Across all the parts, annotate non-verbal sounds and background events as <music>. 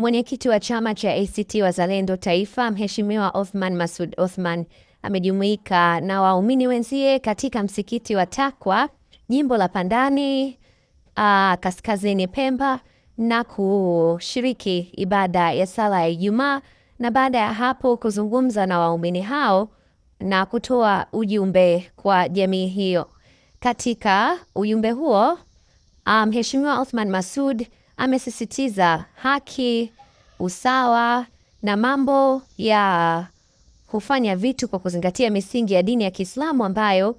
Mwenyekiti wa chama cha ACT Wazalendo Taifa, Mheshimiwa Othman Masud Othman amejumuika na waumini wenzie katika msikiti wa Takwa, jimbo la Pandani, uh, kaskazini Pemba na kushiriki ibada ya sala ya Ijumaa na baada ya hapo kuzungumza na waumini hao na kutoa ujumbe kwa jamii hiyo. Katika ujumbe huo, Mheshimiwa um, Othman Masud amesisitiza haki, usawa na mambo ya kufanya vitu kwa kuzingatia misingi ya dini ya Kiislamu ambayo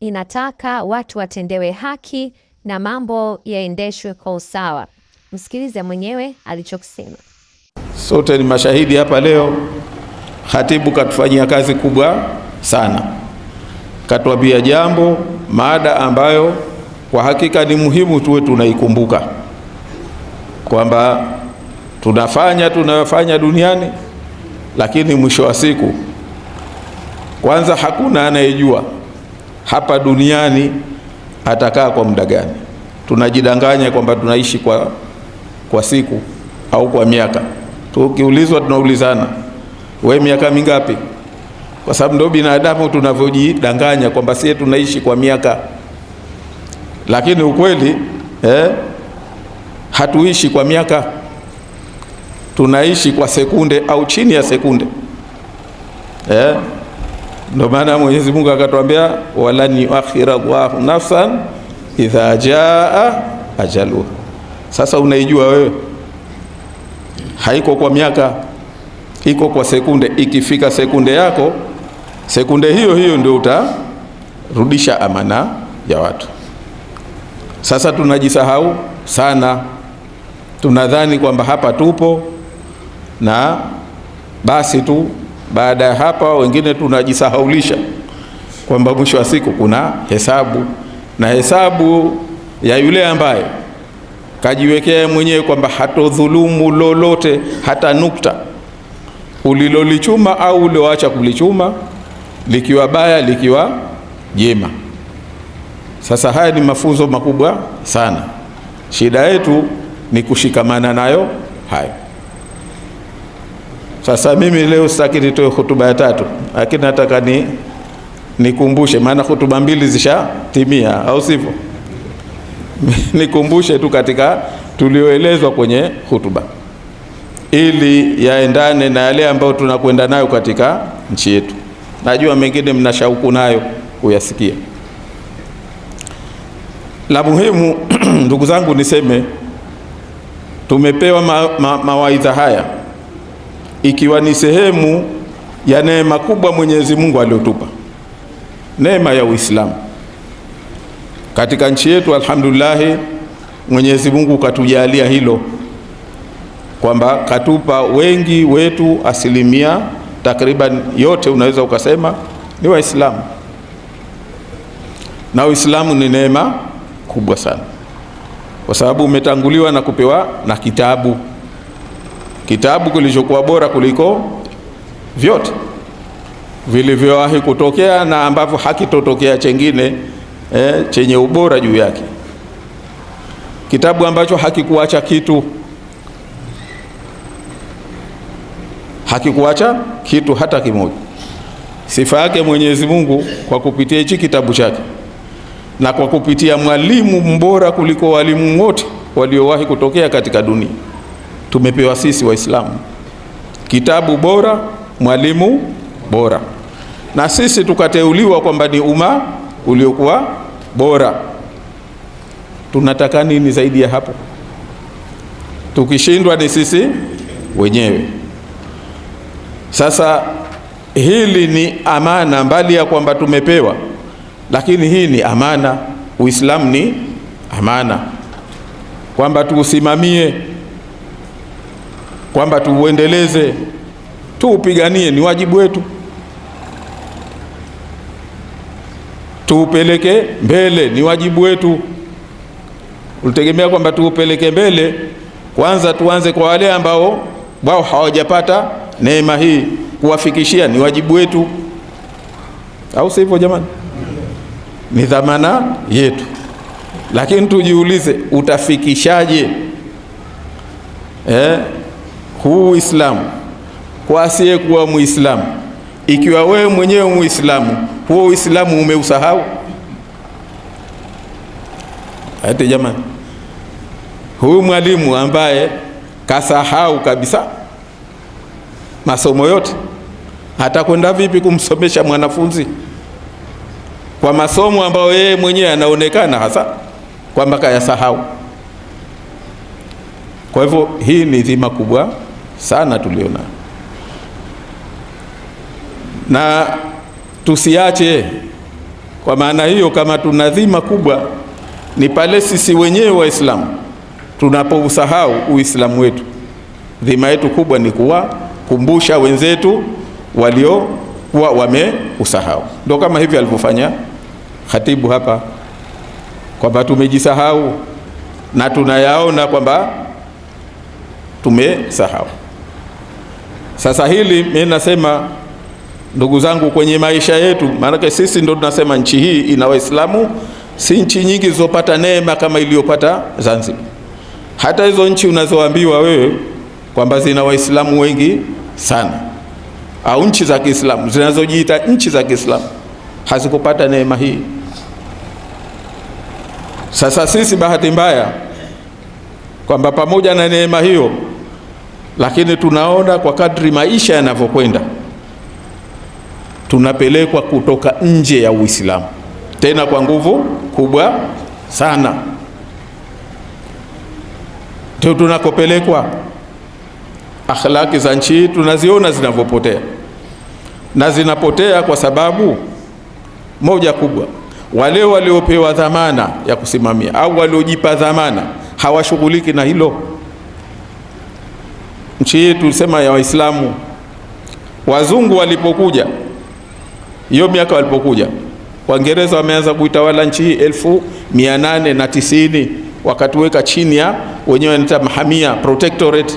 inataka watu watendewe haki na mambo yaendeshwe kwa usawa. Msikilize mwenyewe alichokisema. Sote ni mashahidi hapa leo. Khatibu katufanyia kazi kubwa sana, katuambia jambo, mada ambayo kwa hakika ni muhimu tuwe tunaikumbuka kwamba tunafanya tunayofanya duniani, lakini mwisho wa siku, kwanza hakuna anayejua hapa duniani atakaa kwa muda gani. Tunajidanganya kwamba tunaishi kwa, kwa siku au kwa miaka. Tukiulizwa tunaulizana we miaka mingapi? Kwa sababu ndio binadamu tunavyojidanganya kwamba sie tunaishi kwa miaka, lakini ukweli eh, Hatuishi kwa miaka, tunaishi kwa sekunde au chini ya sekunde eh? Ndio maana Mwenyezi Mungu akatwambia, walan yuakhira Allahu nafsan idha jaa ajaluha. Sasa unaijua wewe, haiko kwa miaka, iko kwa sekunde. Ikifika sekunde yako, sekunde hiyo hiyo ndio utarudisha amana ya watu. Sasa tunajisahau sana tunadhani kwamba hapa tupo na basi tu. Baada ya hapa, wengine tunajisahaulisha kwamba mwisho wa siku kuna hesabu, na hesabu ya yule ambaye kajiwekea mwenyewe kwamba hatodhulumu lolote hata nukta, ulilolichuma au ulioacha kulichuma, likiwa baya likiwa jema. Sasa haya ni mafunzo makubwa sana. Shida yetu ni kushikamana nayo hayo. Sasa mimi leo sitaki nitoe hutuba ya tatu, lakini nataka ni nikumbushe, maana hutuba mbili zishatimia, au sivyo? <laughs> nikumbushe tu katika tulioelezwa kwenye hutuba ili yaendane na yale ambayo tunakwenda nayo katika nchi yetu. Najua mengine mna shauku nayo kuyasikia. La muhimu <clears throat> ndugu zangu, niseme Tumepewa ma, ma, mawaidha haya ikiwa ni sehemu ya neema kubwa Mwenyezi Mungu aliyotupa neema ya Uislamu katika nchi yetu. Alhamdulillah, Mwenyezi Mungu katujalia hilo kwamba katupa wengi wetu, asilimia takriban yote unaweza ukasema ni Waislamu, na Uislamu ni neema kubwa sana kwa sababu umetanguliwa na kupewa na kitabu, kitabu kilichokuwa bora kuliko vyote vilivyowahi kutokea na ambavyo hakitotokea chengine eh, chenye ubora juu yake, kitabu ambacho hakikuacha kitu hakikuacha kitu hata kimoja. Sifa yake Mwenyezi Mungu kwa kupitia hichi kitabu chake na kwa kupitia mwalimu mbora kuliko walimu wote waliowahi kutokea katika dunia. Tumepewa sisi Waislamu kitabu bora, mwalimu bora, na sisi tukateuliwa kwamba ni umma uliokuwa bora. Tunataka nini zaidi ya hapo? Tukishindwa ni sisi wenyewe. Sasa hili ni amana, mbali ya kwamba tumepewa lakini hii ni amana, Uislamu ni amana, kwamba tuusimamie, kwamba tuuendeleze, tuupiganie, ni wajibu wetu, tuupeleke mbele, ni wajibu wetu. Ulitegemea kwamba tuupeleke mbele, kwanza tuanze kwa wale ambao wao hawajapata neema hii, kuwafikishia ni wajibu wetu, au sivyo jamani? ni dhamana yetu, lakini tujiulize utafikishaje eh, huu Uislamu kwa asiyekuwa Muislamu? Ikiwa wewe mwenyewe Muislamu, huo Uislamu umeusahau ati jamani, huyu mwalimu ambaye kasahau kabisa masomo yote atakwenda vipi kumsomesha mwanafunzi? kwa masomo ambayo yeye mwenyewe anaonekana hasa kwamba kayasahau. Kwa hivyo hii ni dhima kubwa sana tuliona, na tusiache. Kwa maana hiyo, kama tuna dhima kubwa, ni pale sisi wenyewe Waislamu tunapousahau Uislamu wetu. Dhima yetu kubwa ni kuwakumbusha wenzetu waliokuwa wameusahau, ndio kama hivi alivyofanya khatibu hapa kwamba tumejisahau na tunayaona kwamba tumesahau. Sasa hili mimi nasema ndugu zangu, kwenye maisha yetu, maanake sisi ndo tunasema nchi hii ina Waislamu, si nchi nyingi zilizopata neema kama iliyopata Zanzibar. Hata hizo nchi unazoambiwa wewe kwamba zina Waislamu wengi sana au nchi za Kiislamu zinazojiita nchi za Kiislamu hazikupata neema hii. Sasa sisi bahati mbaya kwamba pamoja na neema hiyo, lakini tunaona kwa kadri maisha yanavyokwenda tunapelekwa kutoka nje ya Uislamu tena kwa nguvu kubwa sana, ndio tunakopelekwa. Akhlaki za nchi hii tunaziona zinavyopotea, na zinapotea kwa sababu moja kubwa wale waliopewa dhamana ya kusimamia au waliojipa dhamana hawashughuliki na hilo. Nchi yetu sema ya Waislamu, wazungu walipokuja, hiyo miaka walipokuja, Waingereza wameanza kuitawala nchi hii elfu mia nane na tisini wakatuweka chini ya wenyewe wanaita mahamia protectorate.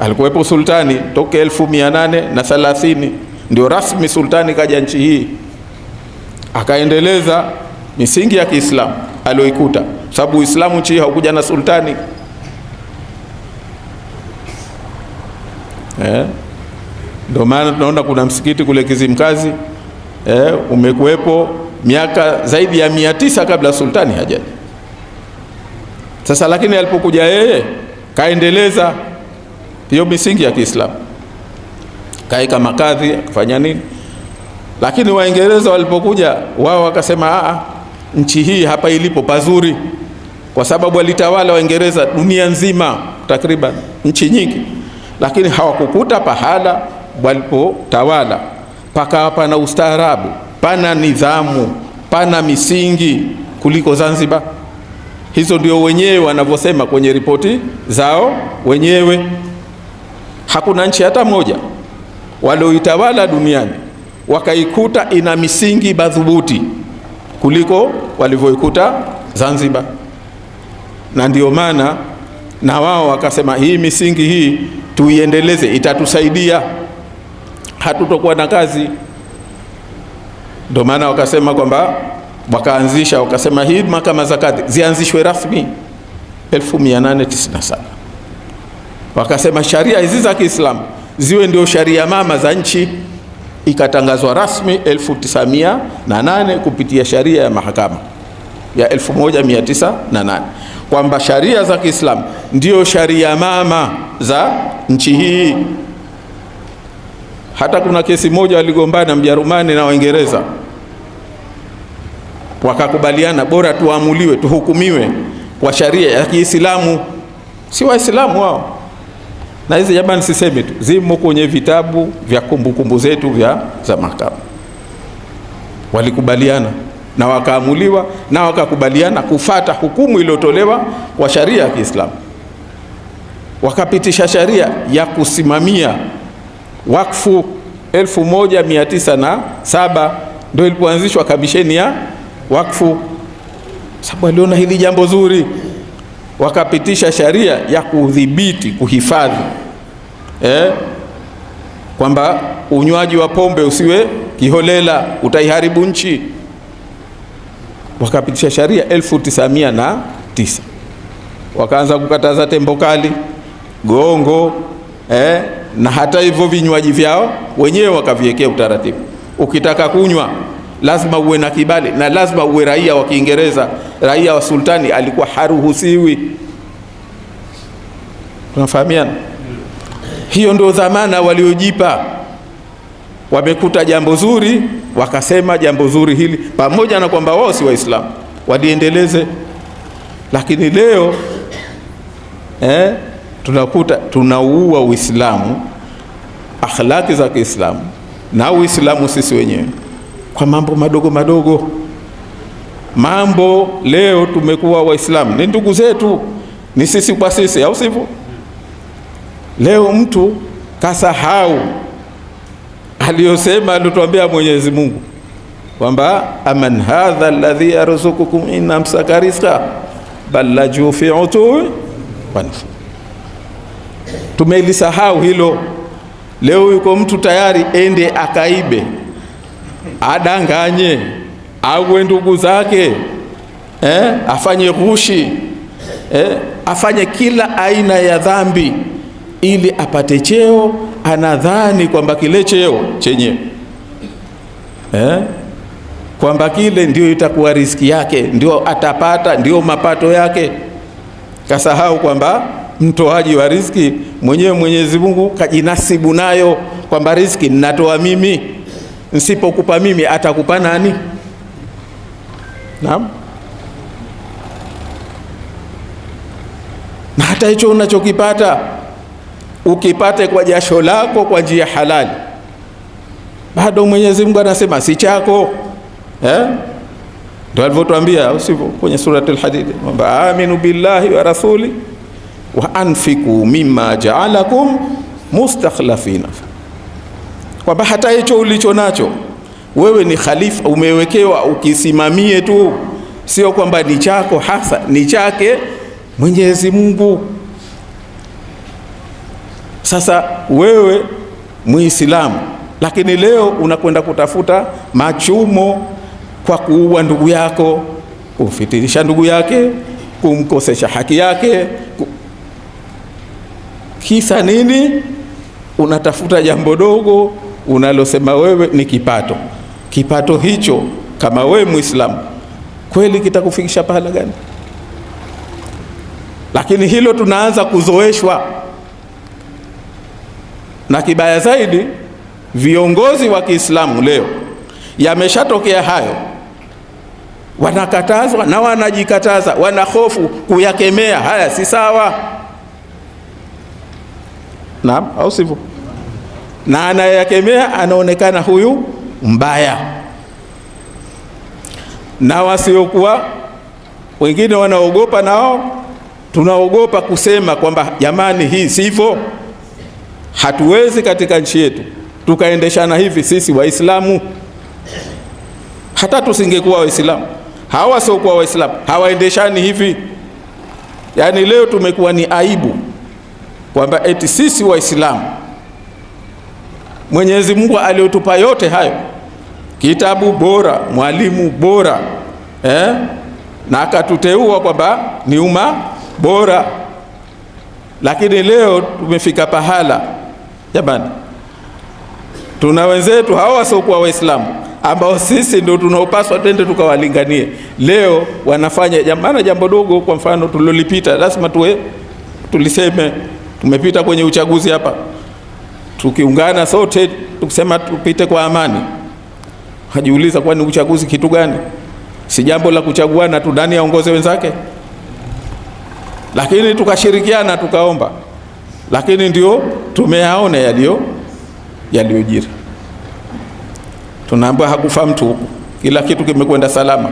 Alikuwepo sultani toke elfu mia nane na thalathini ndio rasmi sultani kaja nchi hii akaendeleza misingi ya Kiislamu aliyoikuta, sababu Uislamu nchi haukuja na sultani eh? ndio maana tunaona kuna msikiti kule Kizimkazi eh, umekuwepo miaka zaidi ya mia tisa kabla sultani hajaja. Sasa lakini alipokuja yeye kaendeleza hiyo misingi ya Kiislamu, kaeka makadhi akafanya nini lakini Waingereza walipokuja wao wakasema aa, nchi hii hapa ilipo pazuri, kwa sababu walitawala Waingereza dunia nzima, takriban nchi nyingi, lakini hawakukuta pahala walipotawala pakawa pana ustaarabu, pana nidhamu, pana misingi kuliko Zanzibar. Hizo ndio wenyewe wanavyosema kwenye ripoti zao wenyewe. Hakuna nchi hata moja walioitawala duniani wakaikuta ina misingi madhubuti kuliko walivyoikuta Zanzibar, na ndio maana na wao wakasema hii misingi hii tuiendeleze, itatusaidia, hatutokuwa na kazi. Ndio maana wakasema kwamba wakaanzisha wakasema hii mahakama za kadhi zianzishwe rasmi 1897 wakasema sharia hizi za Kiislamu ziwe ndio sharia mama za nchi ikatangazwa rasmi 1908 kupitia sharia ya mahakama ya 1908 kwamba sharia za Kiislamu ndio sharia mama za nchi hii. Hata kuna kesi moja waligombana Mjerumani na Waingereza wakakubaliana, bora tuamuliwe tuhukumiwe kwa sharia ya Kiislamu, si Waislamu wao na hizi jamani, sisemi tu, zimo kwenye vitabu vya kumbukumbu zetu vya za mahakama. Walikubaliana na wakaamuliwa na wakakubaliana kufata hukumu iliyotolewa kwa sharia ya Kiislamu, wakapitisha sharia ya kusimamia wakfu 1907 ndio ilipoanzishwa kamisheni ya wakfu, sababu aliona hili jambo zuri wakapitisha sharia ya kudhibiti kuhifadhi, eh, kwamba unywaji wa pombe usiwe kiholela, utaiharibu nchi. Wakapitisha sharia 1909 wakaanza kukataza tembo kali, gongo, eh, na hata hivyo vinywaji vyao wenyewe wakaviwekea utaratibu, ukitaka kunywa lazima uwe na kibali na lazima uwe raia wa Kiingereza. Raia wa sultani alikuwa haruhusiwi. Tunafahamiana? Hiyo ndio dhamana waliojipa. Wamekuta jambo zuri, wakasema jambo zuri hili, pamoja na kwamba wao si Waislamu, waliendeleze. Lakini leo eh, tunakuta tunauua Uislamu, akhlaki za Kiislamu na Uislamu sisi wenyewe kwa mambo madogo madogo. Mambo leo tumekuwa Waislamu ni ndugu zetu, ni sisi kwa sisi, au sivyo? Leo mtu kasahau aliyosema alitwambia Mwenyezi Mungu kwamba aman hadha alladhi yarzukukum in amsaka rizqa bal lajuu fi tumelisahau hilo. Leo yuko mtu tayari ende akaibe adanganye, awe ndugu zake eh, afanye rushi eh, afanye kila aina ya dhambi ili apate cheo. Anadhani kwamba kile cheo chenyewe eh, kwamba kile ndio itakuwa riski yake, ndio atapata, ndio mapato yake. Kasahau kwamba mtoaji wa riski mwenyewe Mwenyezi Mungu kajinasibu nayo, kwamba riski ninatoa mimi nsipokupa mimi atakupa nani? Naam. Na hata hicho unachokipata ukipate kwa jasho lako, kwa njia halali, bado Mwenyezi Mungu anasema si chako eh? Ndio alivyotuambia usivyo kwenye surati Al-Hadid kwamba aminu billahi wa rasuli wa anfiku mimma jaalakum mustakhlafina kwamba hata hicho ulicho nacho wewe ni khalifa, umewekewa ukisimamie tu, sio kwamba ni chako hasa, ni chake Mwenyezi Mungu. Sasa wewe Muislamu, lakini leo unakwenda kutafuta machumo kwa kuua ndugu yako, kumfitirisha ndugu yake, kumkosesha haki yake. Kisa nini? Unatafuta jambo dogo unalosema wewe ni kipato. Kipato hicho kama wewe Muislamu kweli kitakufikisha pahala gani? Lakini hilo tunaanza kuzoeshwa, na kibaya zaidi viongozi wa Kiislamu leo, yameshatokea hayo, wanakatazwa na wanajikataza, wanahofu kuyakemea. Haya si sawa, naam au sivyo? na anayekemea anaonekana huyu mbaya, na wasiokuwa wengine wanaogopa nao tunaogopa kusema kwamba jamani, hii sivyo. Hatuwezi katika nchi yetu tukaendeshana hivi sisi Waislamu. Hata tusingekuwa Waislamu, hawa wasiokuwa Waislamu hawaendeshani hivi. Yaani leo tumekuwa ni aibu kwamba eti sisi Waislamu Mwenyezi Mungu aliyotupa yote hayo, kitabu bora, mwalimu bora eh? na akatuteua kwamba ni umma bora, lakini leo tumefika pahala jamani, tuna wenzetu hao wasiokuwa Waislamu ambao sisi ndio tunaopaswa twende tukawalinganie. Leo wanafanya jamana, jambo dogo, kwa mfano tulolipita lazima tuwe tuliseme. Tumepita kwenye uchaguzi hapa tukiungana sote tukisema tupite kwa amani. Hajiuliza, kwani uchaguzi kitu gani? Si jambo la kuchaguana tu, ndani aongoze wenzake? Lakini tukashirikiana tukaomba, lakini ndio tumeyaona yaliyo yaliyojiri. Tunaambiwa hakufa mtu kila kitu kimekwenda salama,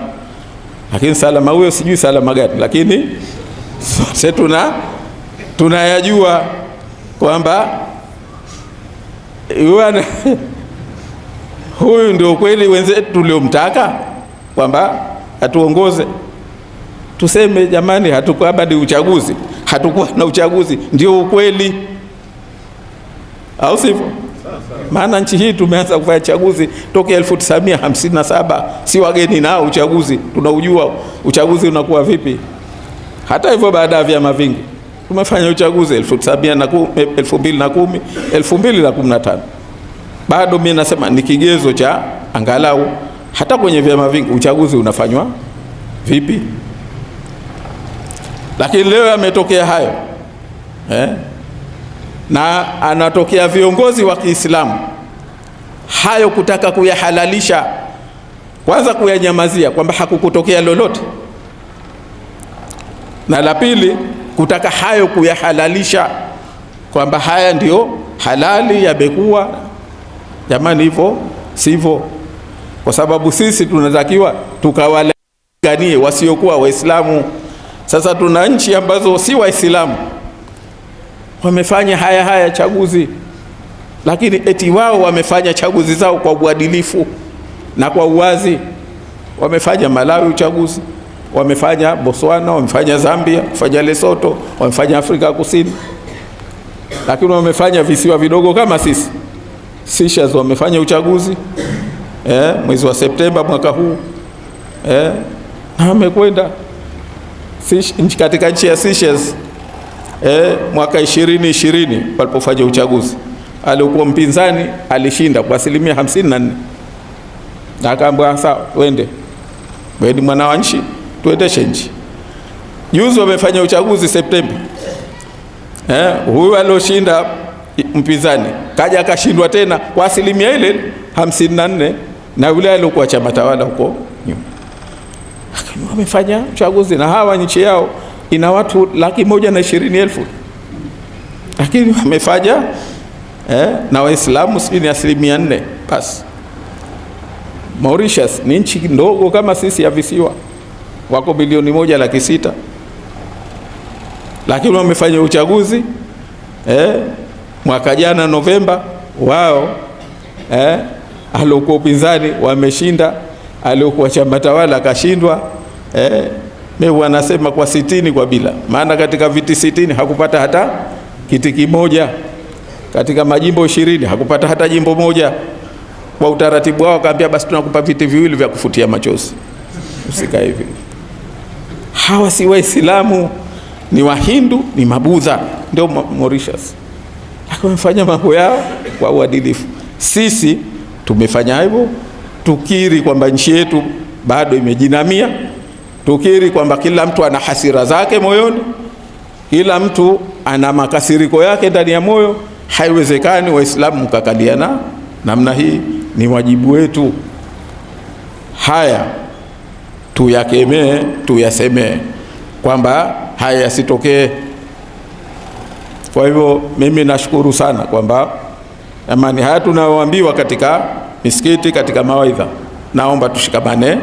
lakini salama huyo sijui salama gani, lakini sote tuna tunayajua kwamba Yuana, huyu ndio kweli wenzetu tuliomtaka kwamba atuongoze, tuseme jamani, hatukuwa badi uchaguzi, hatukuwa na uchaguzi, ndio ukweli, au sivyo? Maana nchi hii tumeanza kufanya chaguzi tokea 1957 si wageni nao uchaguzi, tunaujua uchaguzi unakuwa vipi. Hata hivyo, baada ya vyama vingi Tumefanya uchaguzi elfu sabini na kumi, elfu mbili na kumi, elfu mbili na kumi na tano. Bado mimi nasema ni kigezo cha angalau hata kwenye vyama vingi uchaguzi unafanywa vipi. Lakini leo yametokea hayo eh? na anatokea viongozi wa Kiislamu hayo kutaka kuyahalalisha, kwanza kuyanyamazia kwamba hakukutokea lolote, na la pili kutaka hayo kuyahalalisha kwamba haya ndiyo halali yamekuwa. Jamani, hivyo sivyo, kwa sababu sisi tunatakiwa tukawalinganie wasiokuwa Waislamu. Sasa tuna nchi ambazo si Waislamu wamefanya haya haya chaguzi, lakini eti wao wamefanya chaguzi zao kwa uadilifu na kwa uwazi. Wamefanya Malawi uchaguzi wamefanya Botswana, wamefanya Zambia, wamefanya Lesotho, wamefanya Afrika Kusini, lakini wamefanya visiwa vidogo kama sisi. Seychelles wamefanya uchaguzi eh, mwezi wa Septemba mwaka huu eh, na wamekwenda katika nchi ya Seychelles eh, mwaka ishirini ishirini walipofanya uchaguzi, alikuwa mpinzani alishinda kwa asilimia hamsini na nne akaambwa sawa, wende mwana wa nchi tuendeshe nchi. Juzi wamefanya uchaguzi Septemba, eh, huyu alioshinda mpinzani kaja akashindwa tena kwa asilimia ile 54 na yule aliokuwa chama tawala huko nyuma. Lakini wamefanya uchaguzi na hawa nchi yao ina watu laki moja na ishirini elfu lakini wamefanya eh, na Waislamu sijui ni asilimia nne basi. Mauritius ni nchi ndogo kama sisi ya visiwa wako bilioni moja laki sita lakini wamefanya uchaguzi eh, mwaka jana Novemba wao eh, aliokuwa upinzani wameshinda, aliokuwa chama tawala akashindwa. Eh, mimi wanasema kwa sitini kwa bila, maana katika viti sitini hakupata hata kiti kimoja, katika majimbo ishirini hakupata hata jimbo moja. Kwa utaratibu wao akaambia, basi tunakupa viti viwili vya kufutia machozi, usika hivi hawa si Waislamu, ni Wahindu, ni Mabudha, ndio Mauritius. Wamefanya mambo yao kwa uadilifu. Sisi tumefanya hivyo, tukiri kwamba nchi yetu bado imejinamia, tukiri kwamba kila mtu ana hasira zake moyoni, kila mtu ana makasiriko yake ndani ya moyo. Haiwezekani Waislamu mkakaliana namna hii, ni wajibu wetu haya tuyakemee, tuyasemee kwamba haya yasitokee. Kwa hivyo mimi nashukuru sana kwamba amani haya tunayoambiwa katika misikiti, katika mawaidha, naomba tushikamane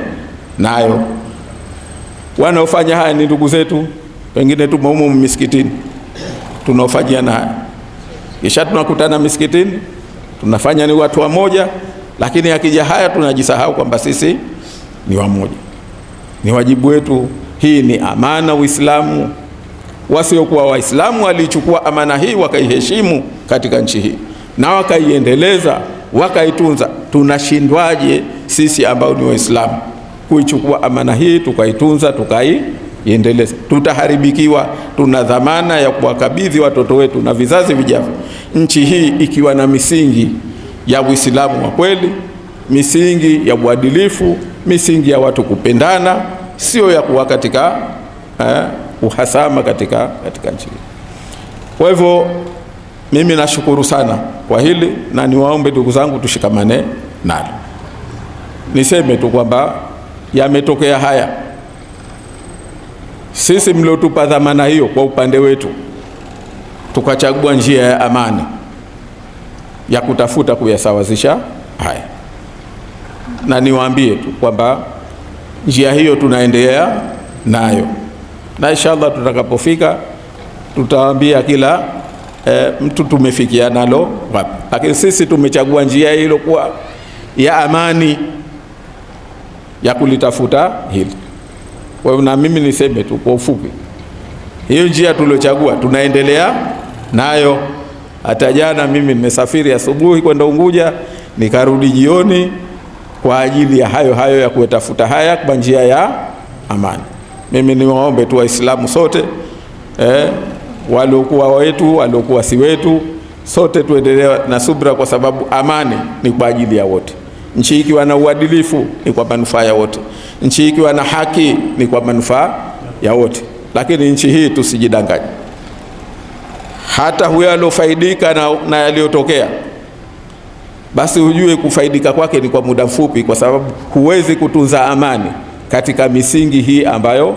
nayo. Wanaofanya haya ni ndugu zetu, pengine tumo misikitini tunaofanyia na haya, kisha tunakutana misikitini tunafanya ni watu wamoja, lakini akija haya tunajisahau kwamba sisi ni wamoja. Ni wajibu wetu, hii ni amana Uislamu. Wasiokuwa Waislamu waliichukua amana hii wakaiheshimu katika nchi hii na wakaiendeleza wakaitunza. Tunashindwaje sisi ambao ni Waislamu kuichukua amana hii tukaitunza tukaiendeleza? Tutaharibikiwa. Tuna dhamana ya kuwakabidhi watoto wetu na vizazi vijavyo nchi hii ikiwa na misingi ya Uislamu wa kweli misingi ya uadilifu, misingi ya watu kupendana, sio ya kuwa katika eh, uhasama katika, katika nchi. Kwa hivyo mimi nashukuru sana kwa hili na niwaombe ndugu zangu tushikamane nalo. Niseme tu kwamba yametokea haya, sisi mliotupa dhamana hiyo kwa upande wetu tukachagua njia ya amani ya kutafuta kuyasawazisha haya na niwaambie tu kwamba njia hiyo tunaendelea nayo, na inshallah tutakapofika tutawaambia kila e, mtu tumefikia nalo wapi, lakini sisi tumechagua njia hilo kuwa ya amani ya kulitafuta hili. Kwa hiyo na mimi niseme tu kwa ufupi, hiyo njia tuliochagua tunaendelea nayo. Hata jana mimi nimesafiri asubuhi kwenda Unguja, nikarudi jioni kwa ajili ya hayo hayo ya kuyatafuta haya kwa njia ya amani. Mimi niwaombe tu Waislamu sote eh, waliokuwa wetu waliokuwa si wetu, sote tuendelee na subra, kwa sababu amani ni kwa ajili ya wote. Nchi ikiwa na uadilifu ni kwa manufaa ya wote, nchi ikiwa na haki ni kwa manufaa ya wote. Lakini nchi hii tusijidanganye, hata huyo aliofaidika na, na yaliyotokea basi ujue kufaidika kwake ni kwa muda mfupi, kwa sababu huwezi kutunza amani katika misingi hii ambayo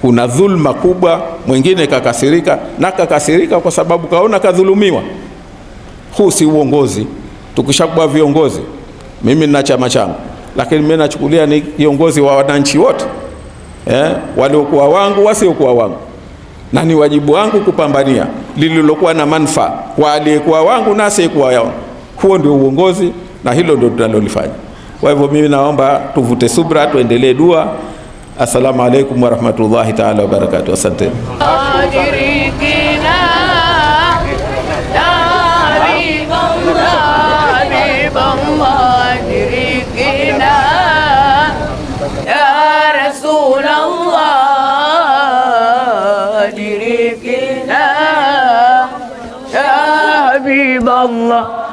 kuna dhulma kubwa. Mwingine kakasirika na kakasirika kwa sababu kaona kadhulumiwa. Huu si uongozi. Tukishakuwa viongozi, mimi nina chama changu, lakini mimi nachukulia ni kiongozi wa wananchi wote eh, waliokuwa wangu, wasiokuwa wangu, na ni wajibu wangu kupambania lililokuwa na manufaa kwa aliyekuwa wangu na asiyekuwa wangu. Huo ndio uongozi na hilo ndio tunalolifanya. Kwa hivyo mimi naomba tuvute subra, tuendelee dua. Assalamu alaikum warahmatullahi taala wabarakatuh. Asante. Allah